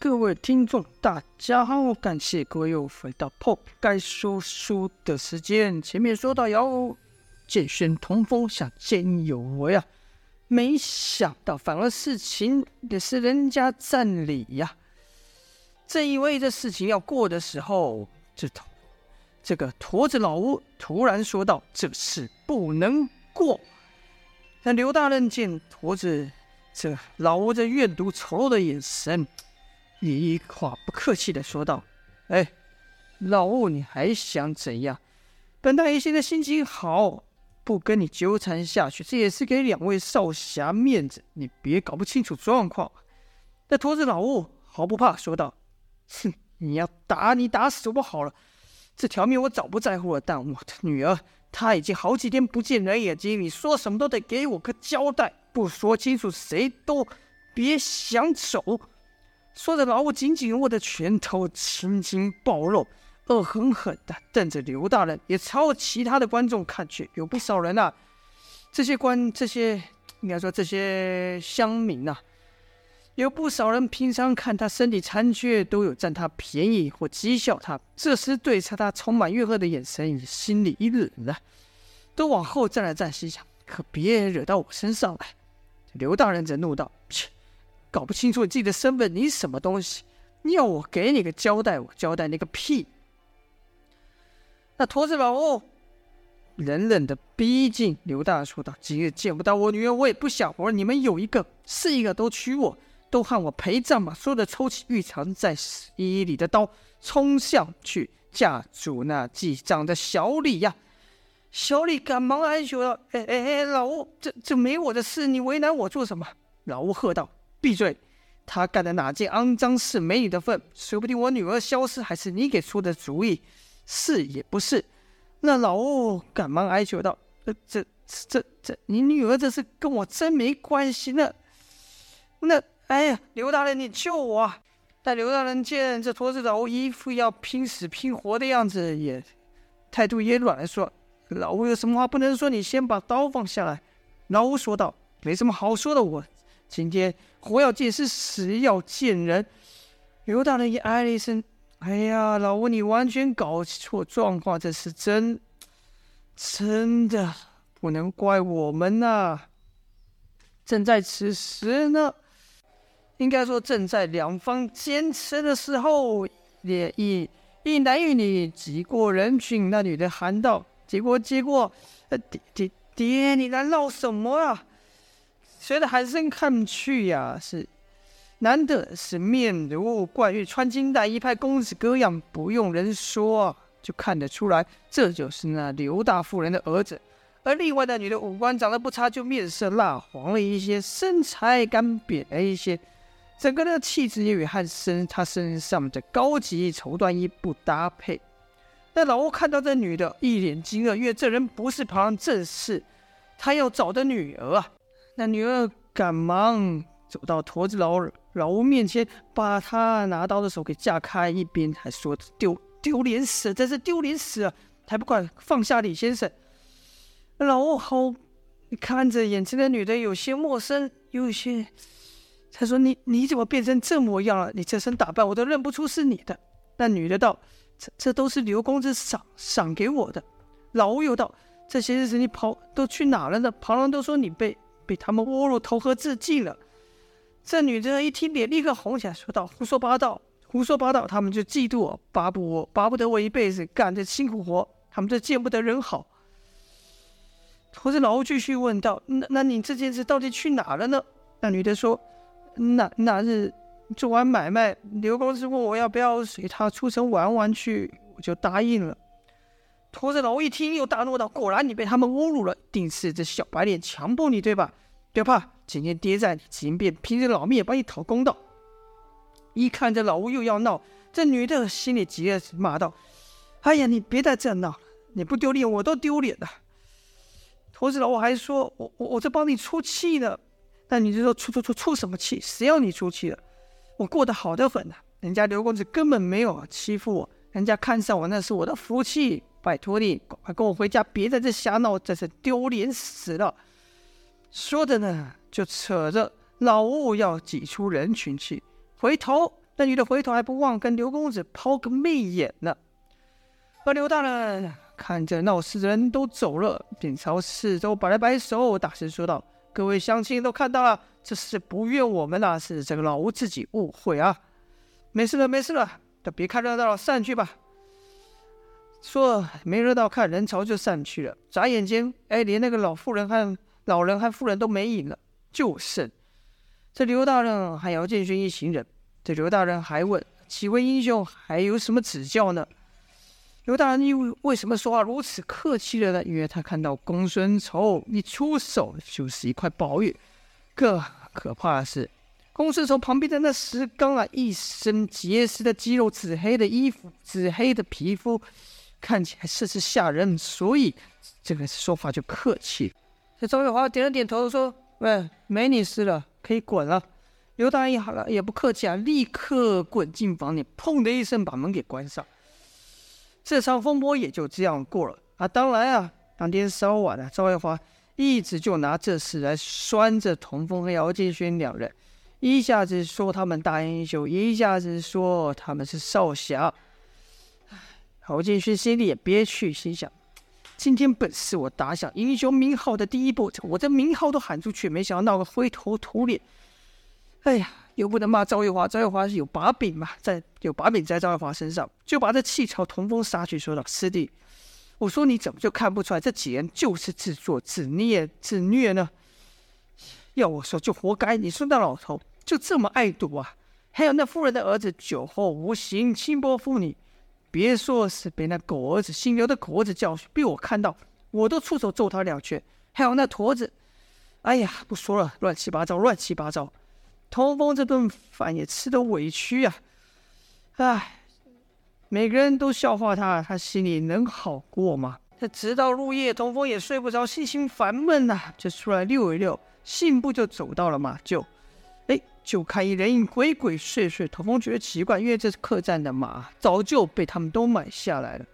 各位聽眾，大家好，感謝各位又回到《POP》該說書的時間。前面說到姚建軒同風想見有為啊，沒想到反而事情也是人家占理呀、啊。正以為這事情要過的時候，這駝這個駝子老吳突然說道：“這事不能過。”但劉大任見駝子這老吳這怨毒醜陋的眼神。你一話不客氣的說道：“哎、欸，老吳你還想怎樣？本大爺現在心情好，不跟你糾纏下去，這也是給兩位少俠面子。你別搞不清楚狀況。”那駝子老吳毫不怕，說道：“哼，你要打你打死我好了，這條命我早不在乎了。但我的女兒，她已經好幾天不見人眼睛，你說什麼都得給我個交代，不說清楚誰都別想走。”說着，老我緊緊握着拳頭，青筋暴露，惡狠狠的瞪着劉大人，也朝其他的觀眾看去。有不少人啊，這些官，這些應該說這些鄉民吶、啊，有不少人平常看他身體殘缺，都有佔他便宜或譏笑他。這時，對上他充滿怨恨的眼神，心裡一冷了，都往後站了站，心想：可別惹到我身上來。劉大人則怒道：“切！”搞不清楚你自己的身份，你什麼東西？你要我給你個交代我？我交代你個屁！那駝子老吳冷冷的逼近劉大叔道：“今日見不到我女兒，我也不想活。你們有一個，是一個都娶我，都和我陪葬吧！”說着，抽起預藏在衣裡的刀，衝向去架住那記賬的小李呀！小李趕忙哀求道：“哎哎哎，老吳，這這沒我的事，你為難我做什麼？”老吳喝道。閉嘴！他幹的哪件骯髒事，沒你的份？說不定我女兒消失還是你給出的主意，是也不是？那老歐趕忙哀求道：“呃，這、這、這，你女兒這事跟我真沒關係。那、那，哎呀，劉大人，你救我！”但劉大人見這駝子老歐一副要拼死拼活的樣子也，也態度也軟了，說：“老吳有什麼話不能說？你先把刀放下來。”老吳說道：“沒什麼好說的，我。”今天活要見屍，死要見人。劉大人也唉了一聲：“哎呀，老吳，你完全搞錯狀況，這是真，真的不能怪我們吶，啊。”正在此時呢，應該說正在兩方堅持的時候，一男一女擠過人群。那女的喊道：“結果結果爹爹爹，你在鬧什麼啊？”隨着漢生看不去呀、啊，是男的，是面如冠玉、穿金戴銀，一派公子哥樣，不用人說、啊、就看得出來，這就是那劉大富人的兒子。而另外的女的五官長得不差，就面色蠟黃了一些，身材乾癟了一些，整個的氣質也與漢生他身上的高級綢緞衣不搭配。那老吳看到這女的一臉驚愕，因為這人不是旁人，正是他要找的女兒啊。那女兒趕忙走到駝子老老吳面前，把他拿刀的手給架開，一邊還說丟丟臉死，在這是丟臉死，還不快放下李先生。老吳好你看着眼前的女的，有些陌生，有些，他說你：“你你怎麼變成這模樣了？你這身打扮我都認不出是你的。”那女的道：“這這都是劉公子賞賞給我的。”老吳又道：“這些日子你跑都去哪了呢？旁人都說你被……”被他們侮辱，投河自盡了。這女的一聽，臉立刻紅起來，說道：“胡說八道，胡說八道！他們就嫉妒我，巴不我巴不得我一輩子幹這辛苦活，他們就見不得人好。”同子老繼續問道：“那那你這件事到底去哪了呢？”那女的說：“那那日做完買賣，劉公子問我要不要隨他出城玩玩去，我就答應了。”駝子老一聽，又大怒道：“果然你被他們侮辱了，定是這小白臉強迫你，對吧？別怕，今天爹在你，你一定拼着老命也幫你討公道。”一看這老吳又要鬧，這女的心裡急了，罵道：“哎呀，你別在這鬧，你不丟臉，我都丟臉了。”駝子老我還說：“我我我在幫你出氣呢。”那你就說：“出出出出什麼氣？誰要你出氣了？我過得好得很吶，人家劉公子根本沒有欺負我，人家看上我那是我的福氣。”拜託你，快跟我回家，別在這瞎鬧，真是丟臉死了！說着呢，就扯着老吳要擠出人群去。回頭，那女的回頭還不忘跟劉公子拋個媚眼呢。而劉大人看着鬧事的人都走了，便朝四周擺了擺手，大聲說道：“各位鄉親都看到了，這事不怨我們吶，是這個老吳自己誤會啊。沒事了，沒事了，都別看熱鬧了，散去吧。”說沒熱鬧看，人潮就散去了。眨眼間，哎，連那個老婦人和老人和婦人都沒影了，就剩這劉大人和姚建勳一行人。這劉大人還問幾位英雄還有什麼指教呢？劉大人又為什麼說話如此客氣了呢？因為他看到公孫丑一出手就是一塊寶玉。更可怕的是，公孫丑旁邊的那石剛啊，一身結實的肌肉，紫黑的衣服，紫黑的皮膚。看起來甚是，是嚇人，所以這個說法就客氣。這周月華點了點頭，說：“喂，沒你事了，可以滾了。”劉大義好了也不客氣啊，立刻滾進房裡，砰的一聲把門給關上。這場風波也就這樣過了啊。當然啊，當天稍晚了，周月華一直就拿這事來拴着童峰和姚建軒兩人，一下子說他們大英雄，一下子說他們是少俠。曹建勳心裡也憋屈，心想：今天本是我打響英雄名號的第一步，我這名號都喊出去，沒想到鬧個灰頭土臉。哎呀，又不能罵趙玉華，趙玉華是有把柄嘛，在有把柄在趙玉華身上，就把這氣朝同風撒去，說道：“師弟，我說你怎麼就看不出來這幾人就是自作自孽、自虐呢？要我說，就活該！你說那老頭就這麼愛賭啊？還有那夫人的兒子酒後無行，輕薄婦女。”別說是被那狗兒子姓劉的狗兒子教訓，被我看到，我都出手揍他兩拳。還有那駝子，哎呀，不說了，亂七八糟，亂七八糟。童峰這頓飯也吃得委屈呀、啊，唉，每個人都笑話他，他心裡能好過嗎？他直到入夜，童峰也睡不着，心情煩悶吶、啊，就出來溜一溜，信步就走到了馬廄。就看一人影鬼鬼祟祟，童風覺得奇怪，因為這是客棧的馬早就被他們都買下來了。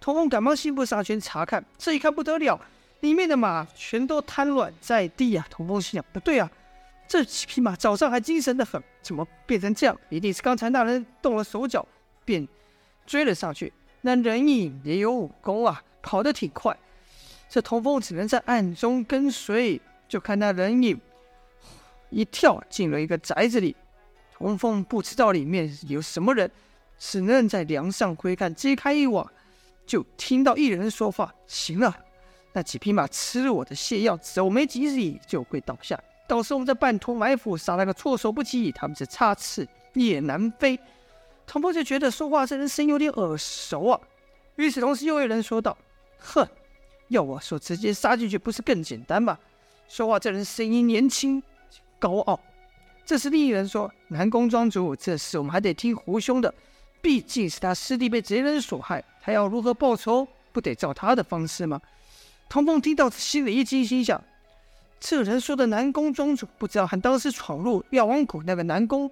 童風趕忙信步上前查看，這一看不得了，裡面的馬全都癱軟在地啊！童風心想啊：不對啊，這幾匹馬早上還精神得很，怎麼變成這樣？一定是剛才那人動了手腳。便追了上去，那人影也有武功啊，跑得挺快。這童風只能在暗中跟隨，就看那人影。一跳進了一個宅子裡，童風不知道裡面有什麼人，只能在梁上窺看。揭開一瓦，就聽到一人說話：“行了，那幾匹馬吃了我的瀉藥，走沒幾里就會倒下。到時候我們在半途埋伏，殺他個措手不及，他們是插翅也難飛。”童風就覺得說話這人聲音有點耳熟啊。與此同時，又有人說道：“哼，要我說直接殺進去不是更簡單嗎？”說話這人聲音年輕。高傲。這時另一人說：“南宮莊主，這事我們還得聽胡兄的，畢竟是他師弟被賊人所害，他要如何報仇，不得照他的方式嗎？”唐風聽到這心裡一驚，心想：“這人說的南宮莊主，不知道和當時闖入藥王谷那個南宮，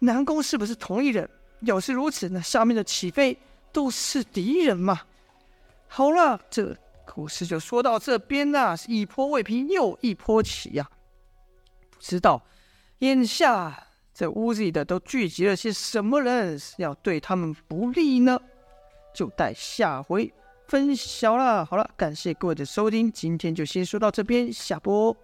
南宮是不是同一人？要是如此，那下面的豈非都是敵人嗎？”好了，這故事就說到這邊、啊、是一波未平，又一波起呀、啊。知道，眼下這屋子裡的都聚集了些什麼人，要對他們不利呢？就待下回分曉了。好了，感謝各位的收聽，今天就先說到這邊，下播。